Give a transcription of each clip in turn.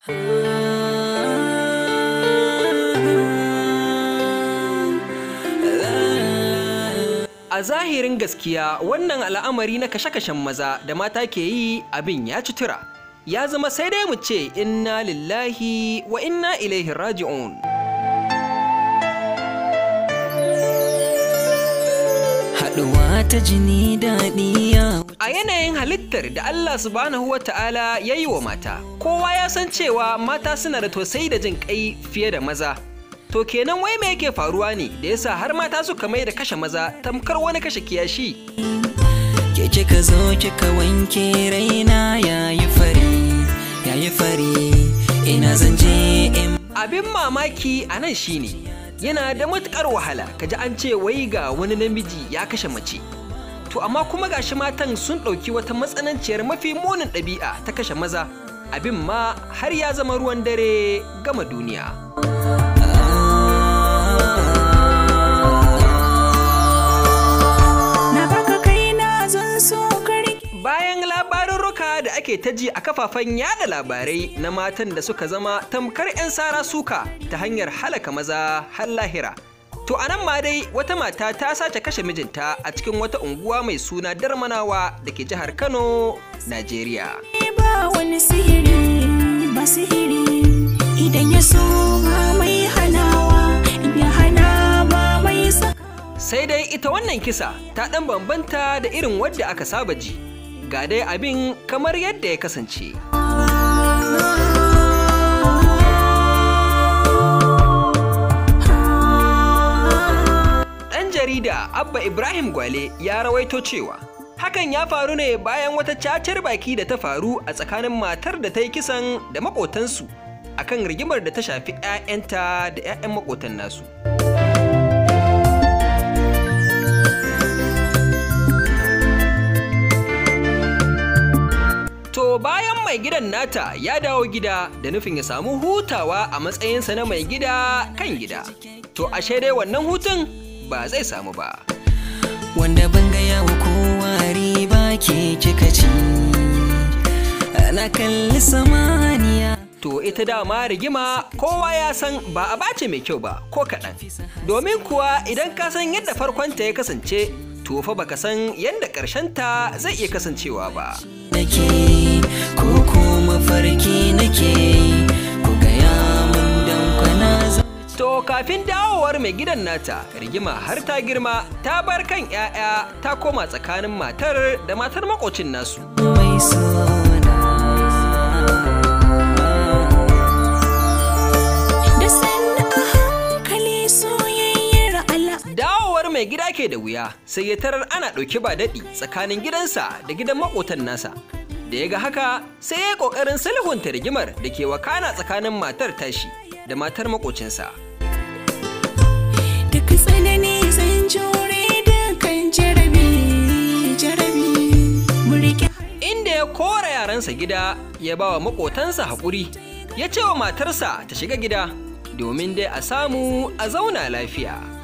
A zahirin gaskiya wannan al'amari na kashe-kashen maza da mata ke yi abin ya ci tura, ya zama sai dai mu ce inna lillahi wa inna ilaihi raji'un. haɗuwa ta jini daɗi ya A yanayin halittar da Allah subhanahu wa ta'ala ya yi wa mata, kowa ya san cewa mata suna da tosai da jin ƙai fiye da maza. To kenan wai me yake faruwa ne da yasa har mata suka mai da kashe maza tamkar wani kashe kiyashi. Ke ka zo ka wanke raina ya yi fari, ya yi fari, ina zan je in. Abin mamaki a nan shine. yana da matuƙar wahala kaji an ce wai ga wani namiji ya kashe mace to amma kuma gashi matan sun ɗauki wata matsananciyar mafi munin ɗabi'a ta kashe maza abin ma har ya zama ruwan dare gama duniya ake ta ji a kafafen yada labarai na matan da suka zama tamkar 'yan sara suka ta hanyar halaka maza har lahira. To a nan ma dai wata mata ta sace kashe mijinta a cikin wata unguwa mai suna Darmanawa da ke jihar Kano, Najeriya. Sai dai ita wannan kisa ta ɗan bambanta da irin wadda aka saba ji. ga dai abin kamar yadda ya kasance. Ɗan jarida Abba Ibrahim Gwale ya rawaito cewa hakan ya faru ne bayan wata cacar baki da ta faru a tsakanin matar da ta yi kisan da maƙotansu kan rigimar da ta shafi 'ya'yanta da 'ya'yan makotan nasu. mai gidan nata ya dawo gida da nufin ya samu hutawa a matsayinsa na mai gida kan gida. To ashe dai wannan hutun ba zai samu ba. Wanda ban gaya wa kowa riba ke kika ci, ana kalli samaniya. To ita dama rigima kowa ya san ba a bace mai kyau ba ko kaɗan. Domin kuwa idan ka san yadda farkonta ya kasance, to fa baka san yadda ta zai iya kasancewa ba. ko kuma farki nake yi ku gaya min dan kwana To kafin dawowar mai gidan nata rigima har ta girma ta bar kan 'ya'ya ta koma tsakanin matar da matar makocin nasu. mai gida ke da wuya sai ya tarar ana ɗauki ba daɗi tsakanin gidansa da gidan maƙotan nasa da ya ga haka sai ya ƙoƙarin sulhunta rigimar da ke wakana tsakanin matar tashi da matar makocinsa. Duk tsanani zan Inda ya kora yaransa gida ya ba wa makotansa haƙuri, ya ce wa matarsa ta shiga gida domin dai a samu a zauna lafiya.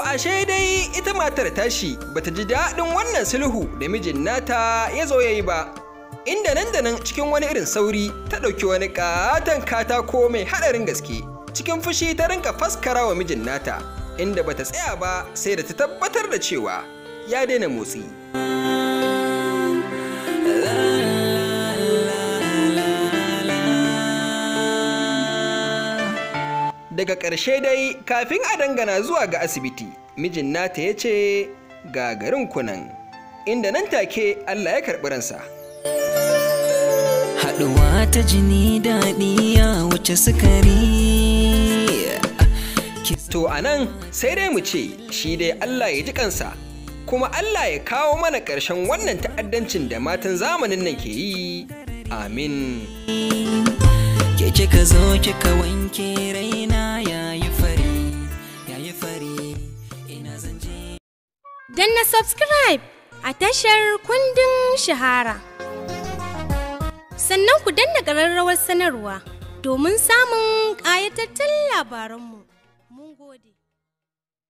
ashe dai ita matar tashi bata ji daɗin wannan sulhu da mijin nata ya zo yayi ba. Inda nan da nan cikin wani irin sauri ta ɗauki wani ƙaton katako mai haɗarin gaske. Cikin fushi ta rinka faskara wa mijin nata, inda bata tsaya ba sai da ta tabbatar da cewa ya daina motsi. daga ƙarshe dai kafin a dangana zuwa ga asibiti mijin nata ya ce ga garin kunan inda nan take allah ya karɓi ransa haɗuwa ta jini daɗi ya wuce sukari to a nan sai dai mu ce shi dai allah ya ji kansa kuma allah ya kawo mana ƙarshen wannan ta'addancin da matan zamanin nan ke yi amin ke kika zo kika wanke raina yayi fari yayi fari ina zanje na subscribe a tashar kundin shahara sannan ku danna ƙararrawar sanarwa domin samun ƙayatattun labaranmu mun gode